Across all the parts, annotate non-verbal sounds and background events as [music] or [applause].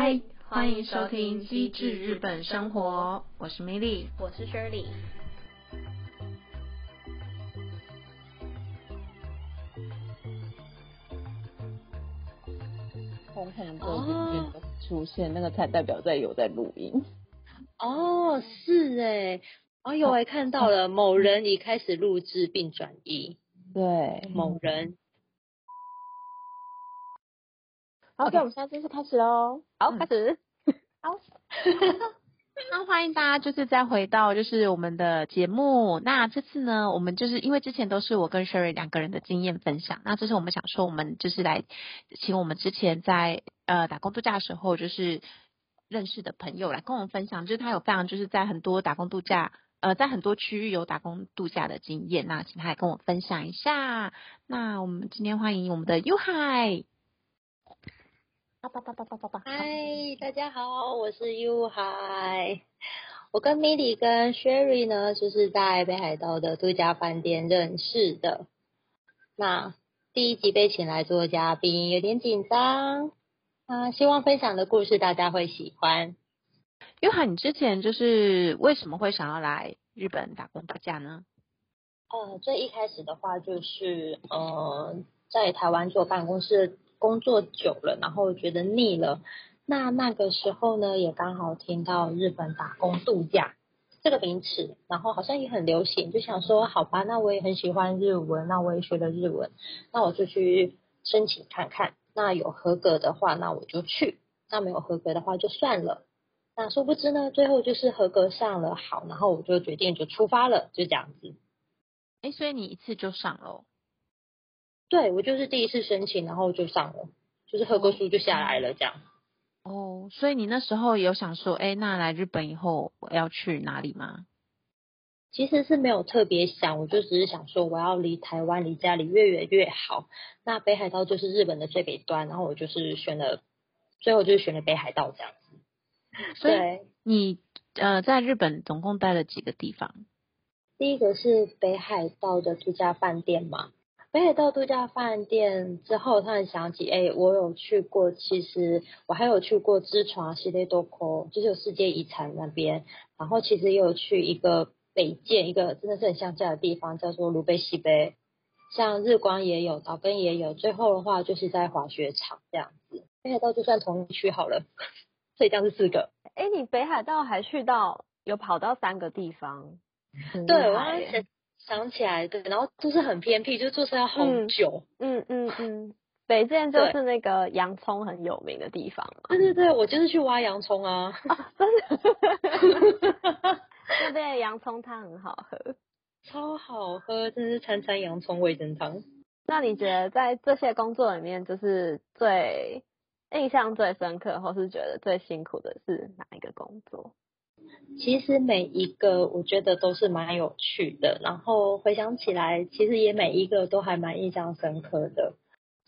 嗨，歡迎收聽《機智日本生活》，我是 Milly，我是 Shirley。紅橫線出現，哦、那個菜代表在有在錄音。哦，是哎，哦，有哎看到了，某人已開始錄製並轉移，嗯、對、嗯，某人。好、okay，k、okay. 我們現在正式開始嘍。好，開始。嗯、好， [laughs] [laughs] 那歡迎大家就是再回到就是我們的節目。那這次呢，我們就是因為之前都是我跟 Sherry 兩個人的經驗分享。那這次我們想說，我們就是來請我們之前在呃打工度假的時候就是認識的朋友來跟我們分享，就是他有非常就是在很多打工度假呃在很多區域有打工度假的經驗。那請他來跟我分享一下。那我們今天歡迎我們的 Yuhai。嗨、啊，啊啊啊啊，Hi, 大家好，我是 Yuhai。我跟 Milly 跟 Shirley 呢，就是在北海道的度假飯店認識的。那第一集被請來做嘉賓，有點緊張啊、呃。希望分享的故事大家會喜歡。Yuhai，你之前就是為什麼會想要來日本打工度假呢？呃最一開始的話就是，呃在台灣做辦公室。工作久了，然後覺得膩了，那那個時候呢，也剛好聽到日本打工度假這個名詞，然後好像也很流行，就想說好吧，那我也很喜歡日文，那我也學了日文，那我就去申請看看，那有合格的話，那我就去，那沒有合格的話就算了。那殊不知呢，最後就是合格上了，好，然後我就決定就出發了，就這樣子。哎，所以你一次就上哦？對，我就是第一次申請，然後就上了，就是合格書就下來了這樣。哦，所以你那時候有想說，哎，那來日本以後我要去哪裡嗎？其實是沒有特別想，我就只是想說，我要離台灣、離家裡越遠越、越好。那北海道就是日本的最北端，然後我就是選了，最後就是選了北海道這樣子。對。你呃，在日本總共待了幾個地方？第一個是北海道的這家飯店嘛。北海道度假飯店之後，突然想起，哎、欸，我有去過，其實我還有去過知床系列多酷，就是有世界遺產那邊，然後其實也有去一個北見，一個真的是很鄉下的地方，叫做魯貝西北，像日光也有，島根也有，最後的話就是在滑雪場這樣子。北海道就算同一區好了，所以這樣是四個。哎、欸，你北海道還去到有跑到三個地方，很厲害。想起來對，然後就是很偏僻，就是坐車要好久。嗯嗯嗯，嗯，北之就是那個洋蔥很有名的地方。對對對，我就是去挖洋蔥啊，啊。真的，那 [laughs] 邊 [laughs] 的洋蔥湯很好喝，超好喝，就是餐餐洋蔥味噌湯。那你覺得在這些工作裡面，就是最印象最深刻，或是覺得最辛苦的是哪一個工作？其實每一個我覺得都是蠻有趣的，然後回想起來，其實也每一個都還蠻印象深刻的。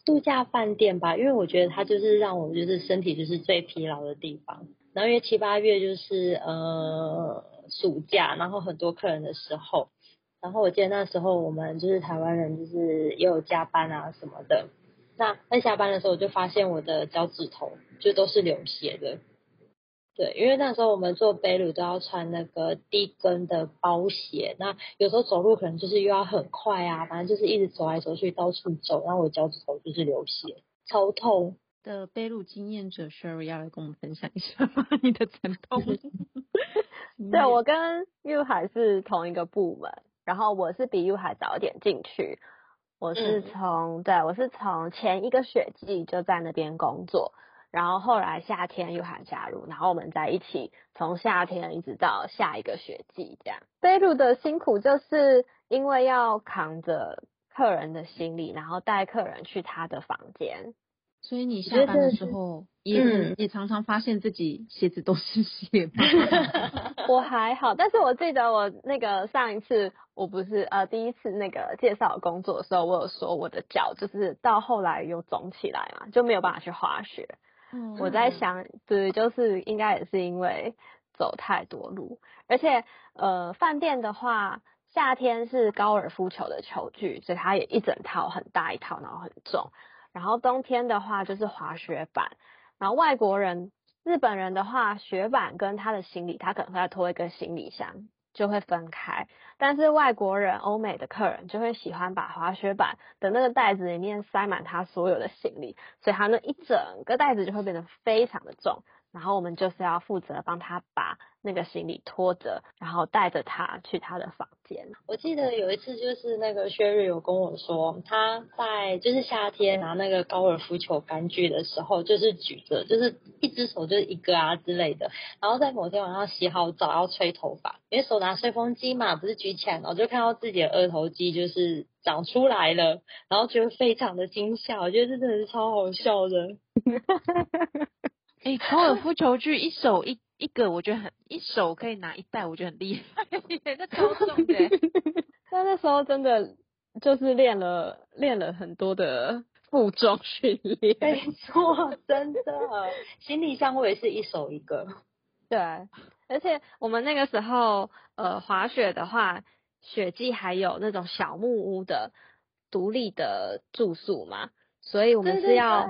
度假飯店吧，因為我覺得它就是讓我就是身體就是最疲勞的地方。然後因為七八月就是呃暑假，然後很多客人的時候，然後我記得那時候我們就是台灣人就是也有加班啊什麼的。那在下班的時候我就發現我的腳趾頭就都是流血的。對，因為那時候我們做貝魯都要穿那個低跟的包鞋，那有時候走路可能就是又要很快啊，反正就是一直走來走去，到處走，然後我腳趾頭就是流血，超痛的。貝魯經驗者 Sherry 要來跟我們分享一下 [laughs] 你的疼枕痛 [laughs] [laughs] 對，我跟 Yuhai 是同一個部門，然後我是比 Yuhai 早一點進去，我是從、嗯、對，我是從前一個雪季就在那邊工作。然後後來夏天又喊加入，然後我們在一起從夏天一直到下一個雪季這樣。菲魯的辛苦就是因為要扛着客人的行李，然後帶客人去他的房間。所以你下班的時候也、就是、也常常發現自己鞋子都是血。 [laughs] [laughs] [laughs] 我還好，但是我記得我那個上一次我不是呃第一次那個介紹工作的時候，我有說我的腳就是到後來又腫起來嘛，就沒有辦法去滑雪。嗯，我在想，對，就是應該也是因為走太多路，而且呃，飯店的話，夏天是高爾夫球的球具，所以它也一整套很大一套，然後很重。然後冬天的話就是滑雪板，然後外國人、日本人的話，雪板跟他的行李，他可能會要拖一個行李箱。就會分開，但是外國人、歐美的客人就會喜歡把滑雪板的那個袋子裡面塞滿他所有的行李，所以他那一整個袋子就會變得非常的重。然後我們就是要負責幫他把那個行李拖着，然後帶着他去他的房間。我記得有一次，就是那個 Shirley 有跟我說，他在就是夏天拿、嗯、那個高爾夫球桿舉的時候，就是舉着，就是一隻手就是一個啊之類的。然後在某天晚上洗好澡要吹頭髮，因為手拿吹風機嘛，不是舉起來，我就看到自己的二頭肌就是長出來了，然後覺得非常的驚嚇，我覺得真的是超好笑的。 [laughs] 哎、欸，高爾夫球具一手一一個，我覺得很一手可以拿一袋，我覺得很厲害，這、 [laughs] 欸、超重哎、欸！那那時候真的就是練了練了很多的負重訓練，沒、欸、錯，真的。 [laughs] 行李箱我也是一手一個，對。而且我們那個時候呃滑雪的話，雪季還有那種小木屋的獨立的住宿嘛。所以我們是要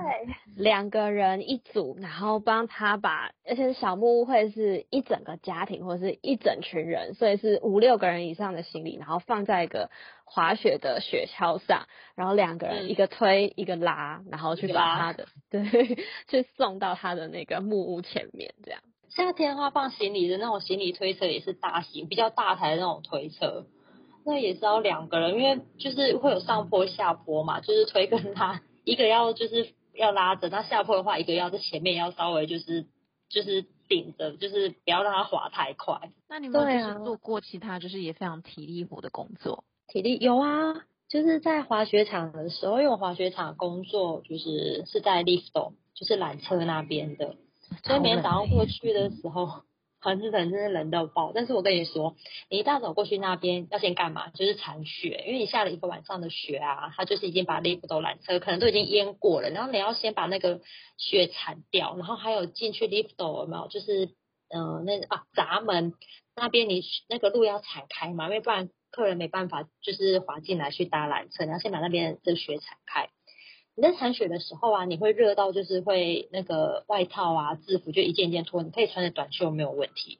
兩個人一組，對對對，然後幫他把，而且小木屋會是一整個家庭或者是一整群人，所以是五六個人以上的行李，然後放在一個滑雪的雪橇上，然後兩個人一個推一個拉，然後去拉他的拉，對，去送到他的那個木屋前面。這樣夏天的話，放行李的那種行李推車也是大型、比較大台的那種推車，那也是要兩個人，因為就是會有上坡下坡嘛，就是推跟拉。一個要就是要拉着，那下坡的話，一個要在前面要稍微就是就是頂着，就是不要讓它滑太快。那你們是做過其他就是也非常體力活的工作？啊、體力有啊，就是在滑雪場的時候，有滑雪場工作，就是是在 lift，就是纜車那邊的、欸，所以每天早上過去的時候。嗯很冷，真的冷到爆。但是我跟你說，你一大早過去那邊要先幹嘛？就是鏟雪，因為你下了一個晚上的雪啊，它就是已經把 lift door 纜車可能都已經淹過了。然後你要先把那個雪鏟掉，然後還有進去 lift door 有沒有？就是嗯、呃，那啊閘門那邊你那個路要鏟開嘛，因為不然客人沒辦法就是滑進來去搭纜車。你要先把那邊的雪鏟開。你在鏟雪的時候啊，你會熱到就是會那個外套啊、制服就一件一件脫。你可以穿着短袖沒有問題，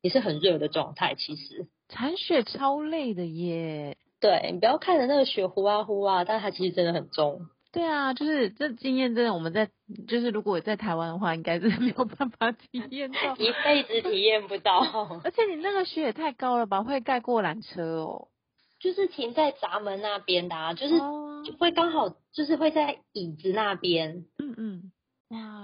也是很熱的狀態，其實。鏟雪超累的耶。對，你不要看着那個雪呼啊呼啊，但它其實真的很重。對啊，就是這經驗真的，我們在就是如果在台灣的話，應該是沒有辦法體驗到， [laughs] 一輩子體驗不到。 [laughs] 而且你那個雪也太高了吧，會蓋過纜車哦。就是停在閘門那邊的啊，就是、哦。會剛好就是會在椅子那邊，嗯嗯，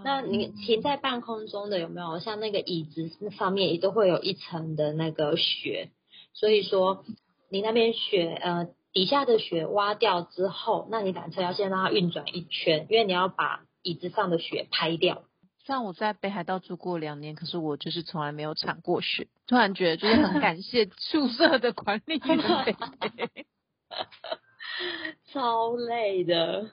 那你停在半空中的有沒有？像那個椅子上面也都會有一層的那個雪，所以說你那邊雪呃底下的雪挖掉之後，那你纜車要先讓它運轉一圈，因為你要把椅子上的雪拍掉。雖然我在北海道住過兩年，可是我就是從來沒有鏟過雪，突然覺得就是很感謝宿舍的管理員。 [laughs] 超累的。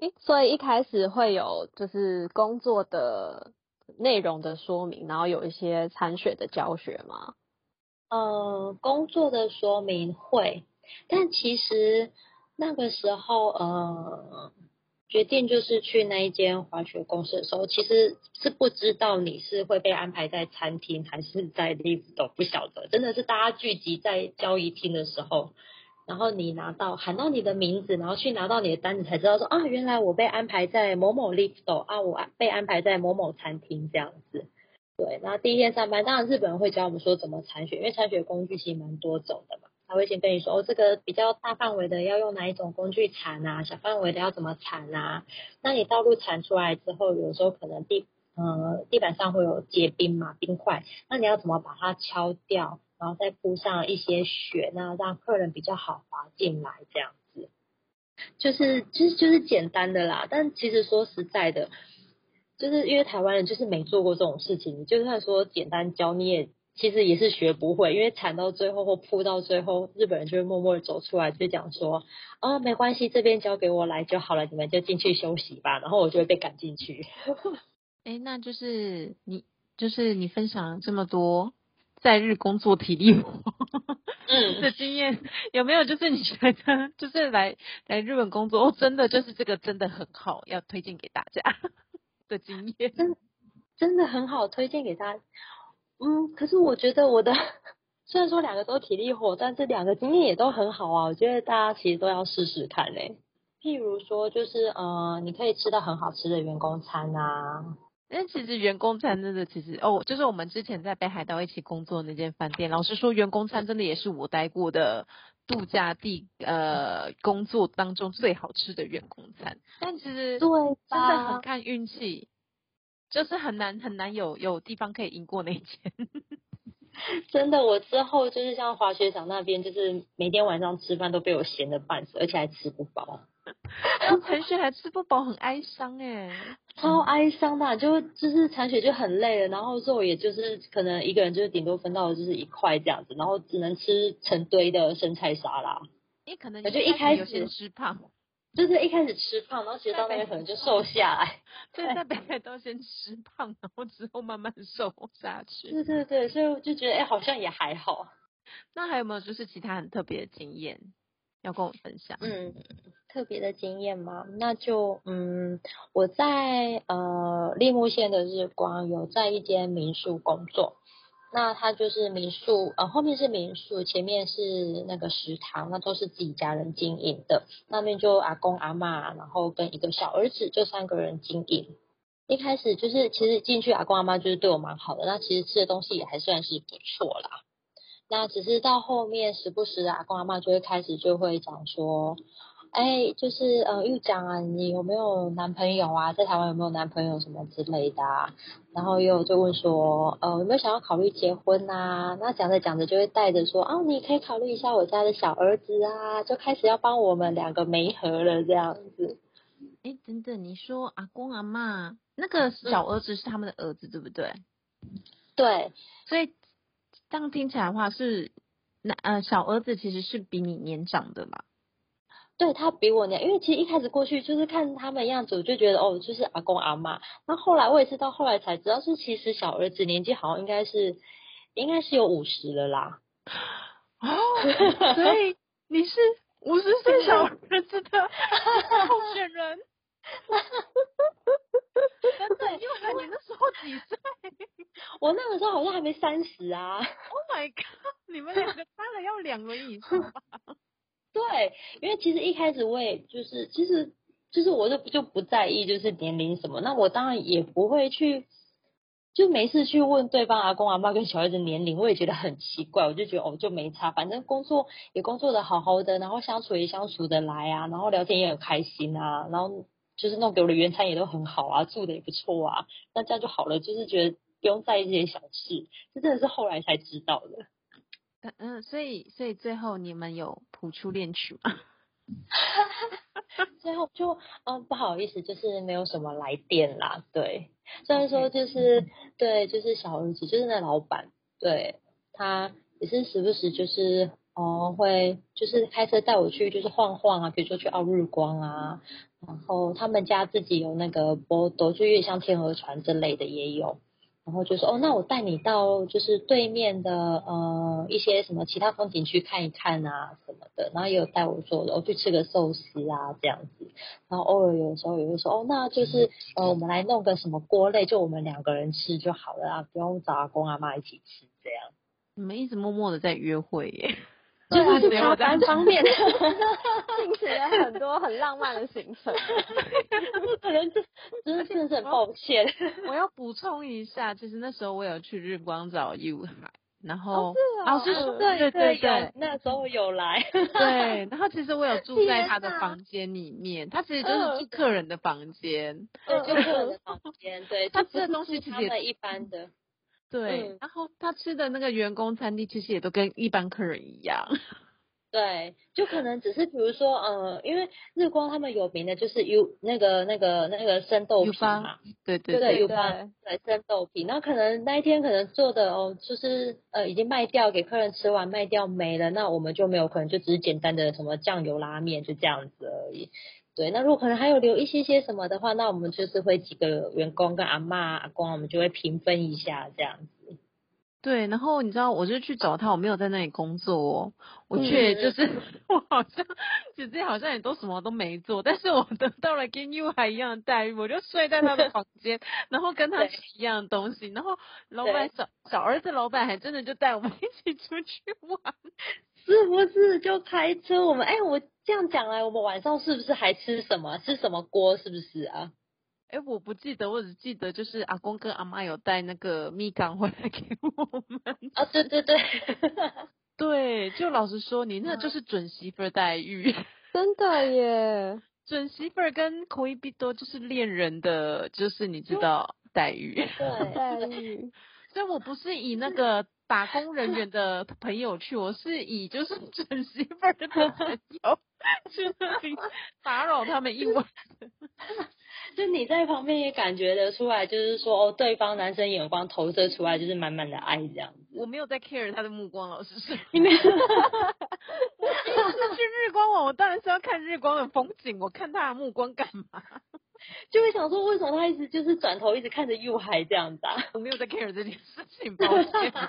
欸，所以一開始會有就是工作的內容的說明，然後有一些殘雪的教學嗎？嗯、呃，工作的說明會，但其實那個時候呃決定就是去那一間滑雪公司的時候，其實是不知道你是會被安排在餐廳還是在地 i 都不曉得，真的是大家聚集在交易廳的時候。然後你拿到喊到你的名字，然後去拿到你的單子，才知道說啊，原來我被安排在某某 lift 樓啊，我被安排在某某餐廳這樣子。對，然後第一天上班，當然日本人會教我們說怎麼鏟雪，因為鏟雪工具其實蠻多種的嘛，他會先跟你說哦，這個比較大範圍的要用哪一種工具鏟啊，小範圍的要怎麼鏟啊。那你道路鏟出來之後，有時候可能地呃地板上會有結冰嘛，冰塊，那你要怎麼把它敲掉？然後再鋪上一些雪，那讓客人比較好滑進來，這樣子，就是其實、就是、就是簡單的啦。但其實說實在的，就是因為台灣人就是沒做過這種事情，就算說簡單教你也，其實也是學不會。因為鏟到最後或鋪到最後，日本人就會默默走出來，就講說：“哦，沒關係，這邊交給我來就好了，你們就進去休息吧。”然後我就會被趕進去。哎， [laughs] 那就是你，就是你分享了這麼多。在日工作體力活，嗯，的經驗有沒有？就是你覺得，就是來來日本工作，真的就是這個真的很好，要推薦給大家的經驗真的，真的很好推薦給大家。嗯，可是我覺得我的雖然說兩個都是體力活，但是兩個經驗也都很好啊。我覺得大家其實都要試試看嘞。譬如說，就是呃，你可以吃到很好吃的員工餐啊。但其實員工餐真的，其實哦，就是我們之前在北海道一起工作的那間飯店，老實說，員工餐真的也是我待過的度假地，呃，工作當中最好吃的員工餐。但其實對，真的很看運氣，就是很難很難有有地方可以贏過那間。真的，我之後就是像滑雪場那邊，就是每天晚上吃飯都被我鹹的半死，而且還吃不飽。殘 [laughs] 雪還吃不飽，很哀傷哎、欸，超哀傷的，就就是鏟雪就很累了，然後肉也就是可能一個人就是頂多分到就是一塊這樣子，然後只能吃成堆的生菜沙拉。你、欸、可能我就一開始吃胖，就是一開始吃胖，然後其實到那邊可能就瘦下來，所以在北海道先吃胖，然後之後慢慢瘦下去。對對對，所以我就覺得哎、欸，好像也還好。那還有沒有就是其他很特別的經驗？要跟我分享，嗯，特別的經驗嗎？那就，嗯，我在呃栃木縣的日光有在一間民宿工作，那它就是民宿，呃，後面是民宿，前面是那個食堂，那都是自己家人經營的，那邊就阿公阿媽，然後跟一個小兒子，就三個人經營。一開始就是其實進去阿公阿媽就是對我蠻好的，那其實吃的東西也還算是不錯啦。那只是到後面時不時阿公阿嬤就會開始就會講說，哎、欸，就是呃，又講你有沒有男朋友啊，在台灣有沒有男朋友什麼之類的，啊，然後又就問說，呃，有沒有想要考慮結婚啊？那講着講着就會帶着說，哦，啊，你可以考慮一下我家的小兒子啊，就開始要幫我們兩個媒合了這樣子。哎，欸，等等，你說阿公阿嬤那個小兒子是他們的兒子，嗯，對不對？對，所以。這樣聽起來的話是，那呃小兒子其實是比你年長的啦。對他比我年，因為其實一開始過去就是看他們樣子，我就覺得哦，就是阿公阿嬤。那後來我也是到後來才知道，是其實小兒子年紀好像應該是，應該是有五十了啦。 [laughs] 哦，所以你是五十歲小兒子的候選人。 [laughs] 哈哈哈哈哈！真的，因為你那時候幾歲？我那個時候好像還沒三十啊。Oh my god！ [laughs] 你們兩個差了要兩輪以上。 [laughs] 對，因為其實一開始我也就是，其實就是我就不就不在意就是年齡什麼。那我當然也不會去，就沒事去問對方阿公阿媽跟小孩子年齡，我也覺得很奇怪。我就覺得哦，就沒差，反正工作也工作得好好的，然後相處也相處得來啊，然後聊天也很開心啊，然後。就是弄給我的原材也都很好啊，住的也不錯啊，那這樣就好了。就是覺得不用在意這些小事，這真的是後來才知道的。嗯,嗯所以所以最後你們有譜出戀曲嗎？ [laughs] 最後就嗯不好意思，就是沒有什麼來電啦。對，雖然說就是、嗯、對，就是小兒子，就是那老板，對他也是時不時就是哦、嗯、會就是開車帶我去就是晃晃啊，比如說去奧日光啊。然後他們家自己有那個波多，就越像天鵝船之類的，也有。然後就說、是、哦，那我帶你到就是對面的呃一些什麼其他風景區看一看啊什麼的。然後也有帶我說然後去吃個壽司啊這樣子。然後偶爾有的時候也會說哦，那就是呃我們來弄個什麼鍋類，就我們兩個人吃就好了啊，不用找阿公阿媽一起吃這樣。你們一直默默的在約會耶！就是他單方面的，聽起來很多很浪漫的行程，可能就是真的是很抱歉。 [laughs] [laughs] [laughs] 我要補 [laughs] 充一下，其實那時候我有去日光找 Yuhai，然後老師、哦哦哦哦、 [laughs] 對對對，對對對那時候我有來。 [laughs] 對，然後其實我有住在他的房間裡面，他其實就是住客人的房間，對、呃，住客人的房間、呃，對, [laughs] 對他吃的東西其實很一般的。對、嗯，然後他吃的那個員工餐廳其實也都跟一般客人一樣。對，就可能只是比如說，嗯、呃，因為日光他們有名的就是有那個那個那個生豆皮嘛，對對對對，對，對，對，對生豆皮。那可能那一天可能做的哦，就是呃已經賣掉給客人吃完賣掉沒了，那我們就沒有可能就只是簡單的什麼醬油拉麵，就這樣子而已。對，那如果可能還有留一些些什麼的話，那我們就是會幾個員工跟阿媽、阿公，我們就會平分一下這樣子。對，然後你知道，我就去找他，我沒有在那裡工作，哦，我卻就是，嗯、我好像其實好像也都什麼都沒做，但是我得到了跟 Yuhai 一樣的待遇，我就睡在他的房間， [laughs] 然後跟他一樣東西，然後老闆小小兒子，老闆還真的就帶我們一起出去玩。是不是就開車？我們哎、欸，我這樣講來，我們晚上是不是還吃什麼？吃什麼鍋？是不是啊？哎、欸，我不記得，我只記得就是阿公跟阿媽有帶那個蜜柑回來給我們。啊、哦，對對對， [laughs] 對，就老實說，你那就是準媳婦待遇、啊，真的耶！準媳婦跟コイビト就是戀人的，就是你知道待遇，對待遇， [laughs] 所以我不是以那個。打工人員的朋友去、哦，我是以就是準媳婦的朋友去那裡打擾他們一晚 [laughs] 就你在旁邊也感覺得出來，就是說哦，對方男生眼光投射出來就是滿滿的愛這樣，我沒有在 care 他的目光，老師是。因 [laughs] 為 [laughs] [laughs] [laughs] 我是去日光網，我當然是要看日光的風景，我看他的目光幹嘛？就會想說，為什麼他一直就是轉頭，一直看着 Yuhai 這樣子、啊、 [laughs] 我沒有在 care 這件事情。 [laughs] 抱歉。 [laughs]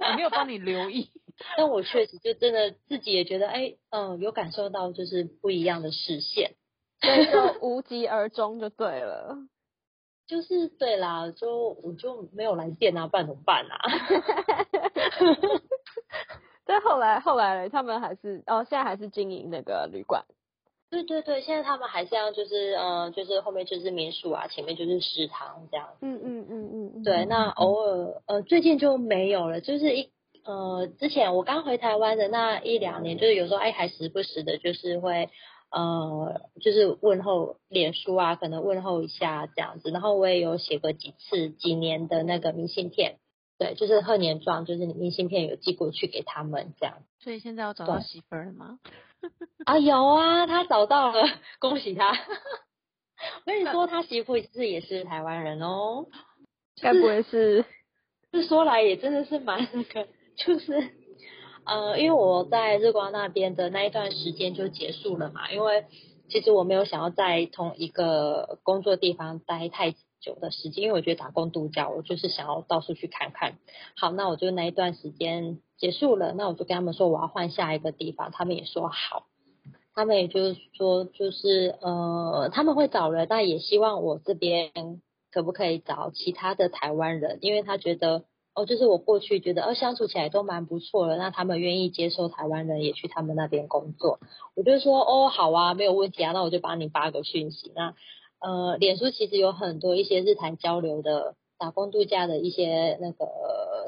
我沒有幫你留意， [laughs] 但我確實就真的自己也覺得，哎、欸，嗯、呃，有感受到就是不一樣的視線，所以說 [laughs] 無疾而終就對了，就是對啦，就我就沒有來電啊，辦怎麼辦啊？但 [laughs] [laughs] [laughs] 後來後來他們還是哦，現在還是經營那個旅館。對對對，現在他們還是要就是呃，就是後面就是民宿啊，前面就是食堂這樣。嗯嗯嗯嗯。對，嗯、那偶爾呃，最近就沒有了，就是一呃，之前我剛回台灣的那一兩年，就是有時候哎，還時不時的，就是會呃，就是問候臉書啊，可能問候一下這樣子。然後我也有寫過幾次幾年的那個明信片，對，就是賀年狀，就是明信片有寄過去給他們這樣。所以現在要找到媳婦兒了嗎？啊，有啊，他找到了，恭喜他！我跟你說，他媳婦其實也是台灣人哦，該、就是、不會是？這說來也真的是蠻那個，就是，呃，因為我在日光那邊的那一段時間就結束了嘛，因為其實我沒有想要在同一個工作地方待太久的時間，因為我覺得打工度假，我就是想要到處去看看。好，那我就那一段時間，結束了，那我就跟他們說我要換下一個地方，他們也說好，他們也就是說就是呃他們會找人，但也希望我這邊可不可以找其他的台灣人，因為他覺得哦就是我過去覺得哦相處起來都蠻不錯的，那他們願意接受台灣人也去他們那邊工作，我就說哦好啊，沒有問題啊，那我就幫你發個訊息，那呃臉書其實有很多一些日台交流的打工度假的一些那個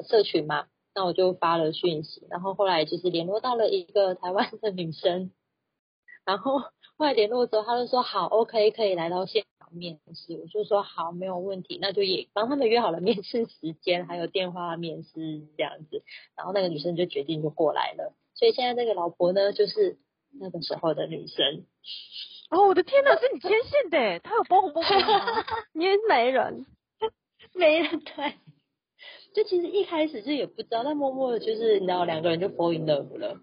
社群嘛。那我就發了訊息，然後後來就是聯絡到了一個台灣的女生，然後後來聯絡之後，她就說好，OK，可以來到現場面試。我就說好，沒有問題，那就也幫他們約好了面試時間，還有電話面試這樣子。然後那個女生就決定就過來了，所以現在那個老婆呢，就是那個時候的女生。哦，我的天哪， [laughs] 是你牽線的，他有包紅包，包 [laughs] 你也媒人， [laughs] 媒人對。就其實一開始就也不知道，但默默的就是你知道，兩個人就 fall in love 了。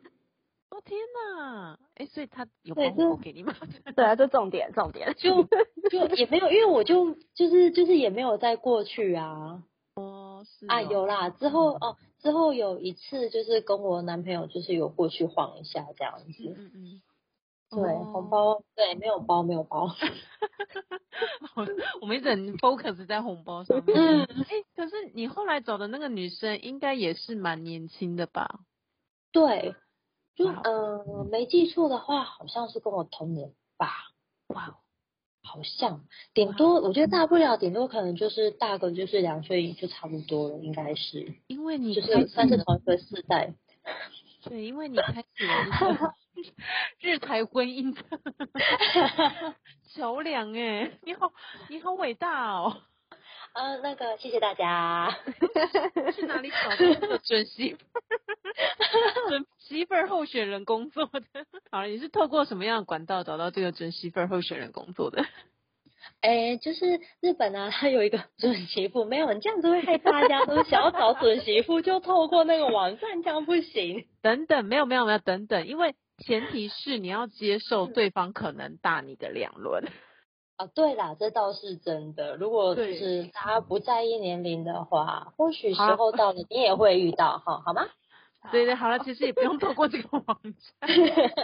哦，天哪、欸，所以他有保護給你嗎對？對啊，這重點重點就就也沒有，因為我就就是就是也沒有在過去啊。哦，是哦啊，有啦，之後哦，之後有一次就是跟我男朋友就是有過去晃一下這樣子。嗯嗯，嗯。對、oh. 紅包，對沒有包沒有包，沒有包 [laughs] 我們我們一直 focus 在紅包上面。 [laughs] 嗯、欸，可是你後來找的那個女生應該也是蠻年輕的吧？對，就嗯、wow. 呃、沒記錯的話，好像是跟我同年吧。哇、wow.，好像頂多、wow. 我覺得大不了頂多可能就是大個就是兩歲就差不多了，應該是。因為你就是，算是同一個世代。 [laughs] 對，因為你開始。 [laughs] [laughs] [laughs] 日台婚姻的橋 [laughs] 梁哎、欸，你好，你好偉大哦。嗯，那個謝謝大家。去 [laughs] 哪裡找到這個準媳婦？ [laughs] 準媳婦候選人工作的？好了，你是透過什麼樣的管道找到這個準媳婦候選人工作的？哎、欸，就是日本啊，它有一個準媳婦，沒有你這樣子會害怕大家都想要找準媳婦， [laughs] 小小媳就透過那個網站，這樣不行。等等，沒有沒有沒有等等，因為。前提是你要接受對方可能大你的兩輪啊，對啦，這倒是真的。如果就是大家不在意年齡的話，或許時候到了，你也會遇到哈，好嗎？對對，對，好啦，其實也不用透過這個網站。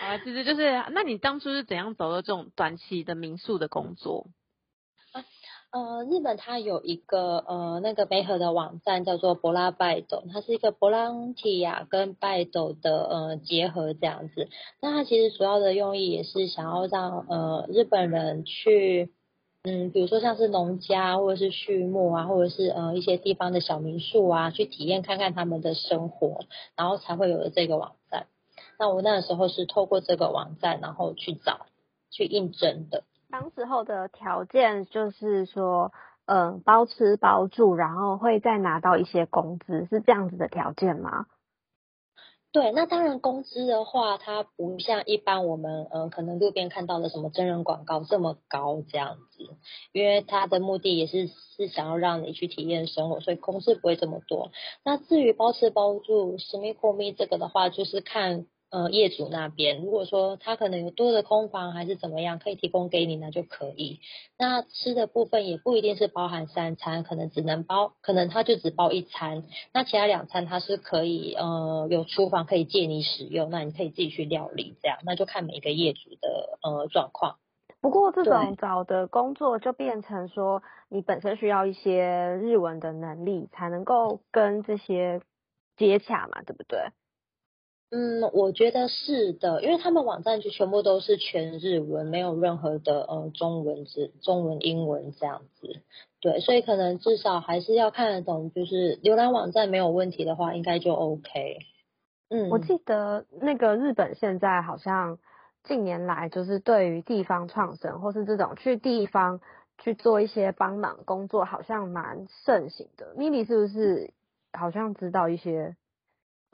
啊， [laughs] 其實就是，那你當初是怎樣找到這種短期的民宿的工作？呃，日本它有一個呃那個媒合的網站叫做柏拉拜斗，它是一個柏拉提亞跟拜斗的呃結合這樣子。那它其實主要的用意也是想要讓呃日本人去，嗯，比如說像是農家或者是畜牧啊，或者是呃一些地方的小民宿啊，去體驗看看他們的生活，然後才會有了這個網站。那我那時候是透過這個網站然後去找去應徵的。當時候的條件就是說，嗯，包吃包住，然後會再拿到一些工資，是這樣子的條件嗎？對，那當然工資的話，它不像一般我們，嗯，可能路邊看到的什麼真人廣告這麼高這樣子，因為它的目的也是是想要讓你去體驗生活，所以工資不會這麼多。那至於包吃包住，住み込み，這個的話，就是看。呃，業主那邊如果說他可能有多的空房還是怎麼樣，可以提供給你，那就可以。那吃的部分也不一定是包含三餐，可能只能包，可能他就只包一餐，那其他兩餐他是可以呃有廚房可以借你使用，那你可以自己去料理這樣，那就看每個業主的呃狀況。不過這種找的工作就變成說，你本身需要一些日文的能力才能夠跟這些接洽嘛，對不對？嗯，我覺得是的，因為他們網站就全部都是全日文，沒有任何的呃、嗯、中文字、中文、英文這樣子，對，所以可能至少還是要看得懂，就是瀏覽網站沒有問題的話，應該就 OK。嗯，我記得那個日本現在好像近年來就是對於地方創生或是這種去地方去做一些幫忙工作，好像蠻盛行的。Milly 是不是好像知道一些？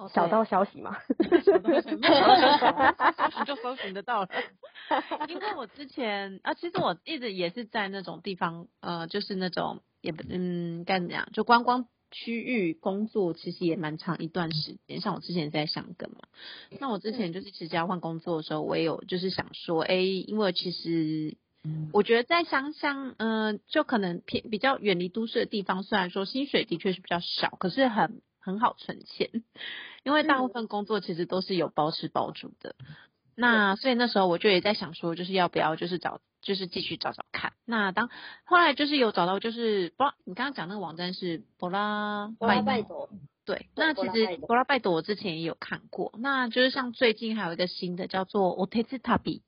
小、oh, 道消息嘛，哈哈哈哈哈， [laughs] 就搜尋得到了， [laughs] 因為我之前、啊、其實我一直也是在那種地方，呃、就是那種也不嗯，該怎麼樣，就觀光區域工作，其實也蠻長一段時間。像我之前在香港，嘛，那我之前就是直接換工作的時候，我也有就是想說，哎，因為其實我覺得在香香，嗯、呃，就可能偏比較遠離都市的地方，雖然說薪水的確是比較少，可是很。很好存錢，因為大部分工作其實都是有包吃包住的。嗯、那所以那時候我就也在想說，就是要不要就是找，就是繼續找找看。那當後來就是有找到，就是不，你剛剛講那個網站是博拉拜朵。對，那其實博拉拜朵我之前也有看過。那就是像最近還有一個新的叫做 Otetsutabi，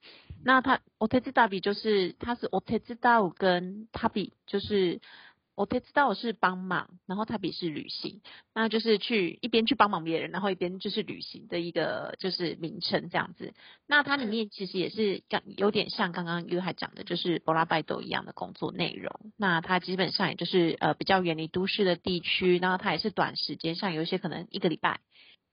那它 Otetsutabi 就是它是 Otetsudai 跟塔比就是。他是我才知道我是幫忙，然後他比是旅行，那就是去一邊去幫忙別人，然後一邊就是旅行的一個就是名稱這樣子。那它裡面其實也是有點像剛剛 U 海講的，就是伯拉拜都一樣的工作內容。那它基本上也就是呃比較遠離都市的地區，然後它也是短時間，像有些可能一個禮拜，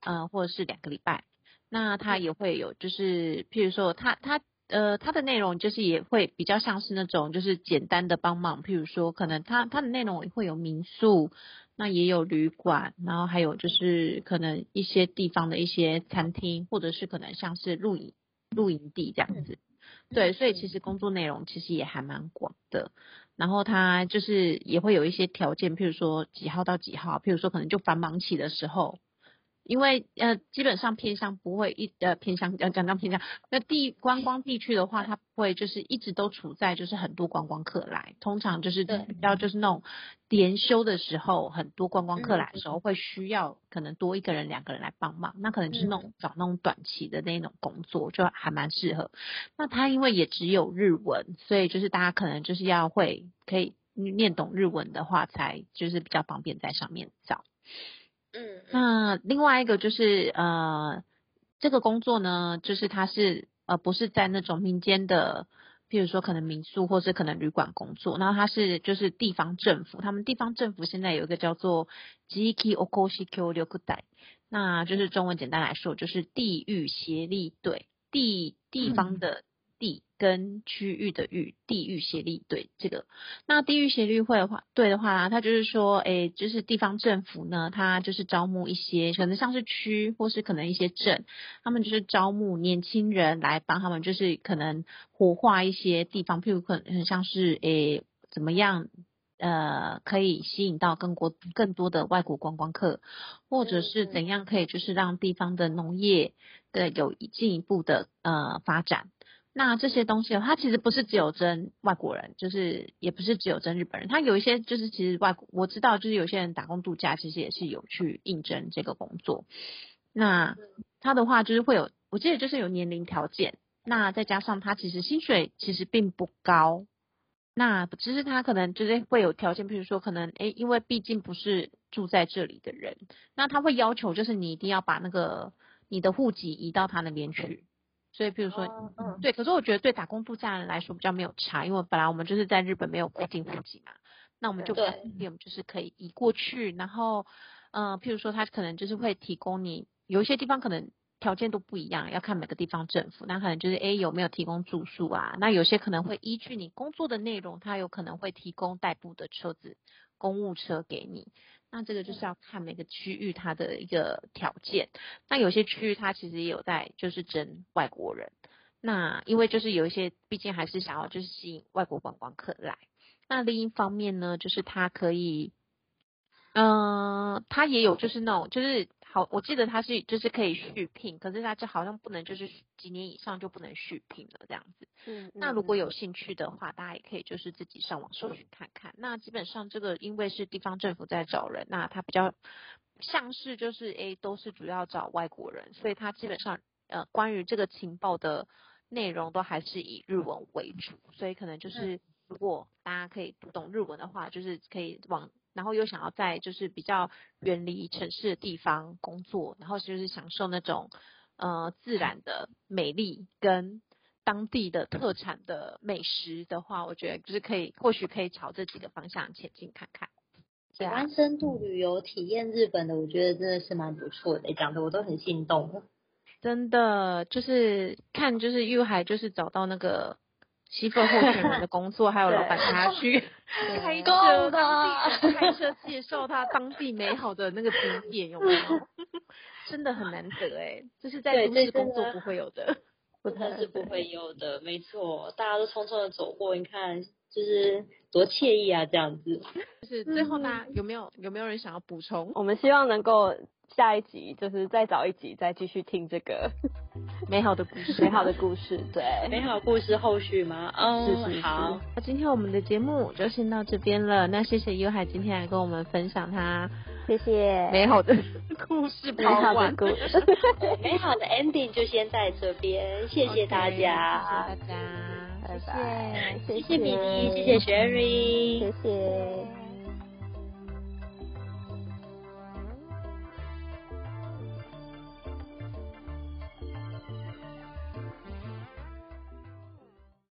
嗯、呃，或者是兩個禮拜。那它也會有，就是譬如說它，它它。呃，它的內容就是也會比較像是那種就是簡單的幫忙，譬如說可能它它的內容會有民宿，那也有旅館，然後還有就是可能一些地方的一些餐廳，或者是可能像是露營露營地這樣子。對，所以其實工作內容其實也還蠻廣的。然後它就是也會有一些條件，譬如說幾號到幾號，譬如說可能就繁忙期的時候。因為呃，基本上偏向不會一呃偏向講講到偏向那地觀光地區的話，它會就是一直都處在就是很多觀光客來，通常就是比較就是那種連休的時候，很多觀光客來的時候會需要可能多一個人兩個人來幫忙，那可能就是那種找那種短期的那一種工作，就還蠻適合。那它因為也只有日文，所以就是大家可能就是要會可以念懂日文的話，才就是比較方便在上面找。嗯， [noise] 那另外一個就是呃，這個工作呢，就是他是呃，不是在那種民間的，譬如說可能民宿或是可能旅館工作，然後他是就是地方政府，他們地方政府現在有一個叫做地域おこし協力隊，那就是中文簡單來說，就是地域協力隊，地地方的地。嗯跟區域的域，地域協力。對這個，那地域協力會的話，對的話它，他就是說，誒、欸，就是地方政府呢，他就是招募一些可能像是區或是可能一些鎮，他們就是招募年輕人來幫他們，就是可能活化一些地方，譬如，可能很像是誒、欸、怎麼樣，呃，可以吸引到更多更多的外國觀光客，或者是怎樣可以就是讓地方的農業的有進一步的呃發展。那這些東西，它其實不是只有徵外國人，就是也不是只有徵日本人。他有一些就是其實外國，我知道就是有些人打工度假，其實也是有去應徵這個工作。那他的話就是會有，我記得就是有年齡條件。那再加上他其實薪水其實並不高。那只是他可能就是會有條件，比如說可能，哎、欸，因為畢竟不是住在這裡的人，那他會要求就是你一定要把那個你的戶籍移到他那邊去。所以，譬如說，oh, 對，可是我覺得對打工度假人來說比較沒有差，因為本來我們就是在日本沒有固定戶籍嘛，那我們就方便，我們就是可以移過去。然後，嗯、呃，譬如說，他可能就是會提供你，有一些地方可能條件都不一樣，要看每個地方政府。那可能就是，哎、欸，有沒有提供住宿啊？那有些可能會依據你工作的內容，他有可能會提供代步的車子，公務車給你。那這個就是要看每個區域它的一個條件。那有些區域它其實也有在就是徵外國人。那因為就是有一些畢竟還是想要就是吸引外國觀光客來。那另一方面呢，就是它可以，嗯、呃，它也有就是那種就是。好，我記得他是就是可以續聘，可是他就好像不能就是幾年以上就不能續聘了這樣子。那如果有興趣的話，大家也可以就是自己上網搜尋看看。那基本上這個因為是地方政府在找人，那他比較像是就是誒、欸、都是主要找外國人，所以他基本上呃關於這個情報的內容都還是以日文為主，所以可能就是如果大家可以讀懂日文的話，就是可以往。然後又想要在就是比較遠離城市的地方工作，然後就是享受那種呃自然的美麗跟當地的特產的美食的話，我覺得就是可以，或許可以朝這幾個方向前進看看。對啊。喜歡深度旅遊體驗日本的，我覺得真的是蠻不錯的，講的我都很心動真的，就是看就是又海就是找到那個。媳婦候選你的工作。還有老闆他去開車，當地開車介紹他當地美好的那個景點，有沒有？真的很難得誒，就是在都市工作不會有的。不太是不會有的。沒錯，大家都匆匆的走過，你看，就是多愜意啊，這樣子，嗯。就是最後呢，有沒有有沒有人想要補充？我們希望能夠下一集，就是再找一集，再繼續聽這個美好的故事， [laughs] 美好的故事，對，美好故事後續嗎？嗯、oh，是好。那今天我們的節目就先到這邊了，那謝謝悠海今天來跟我們分享他。謝謝，美好的故事不，美好的故事，美 [laughs] [laughs] 好的 ending 就先在這邊，謝謝大家，okay, 謝謝大家，拜拜，謝謝 Milly，謝謝 Shirley 謝謝。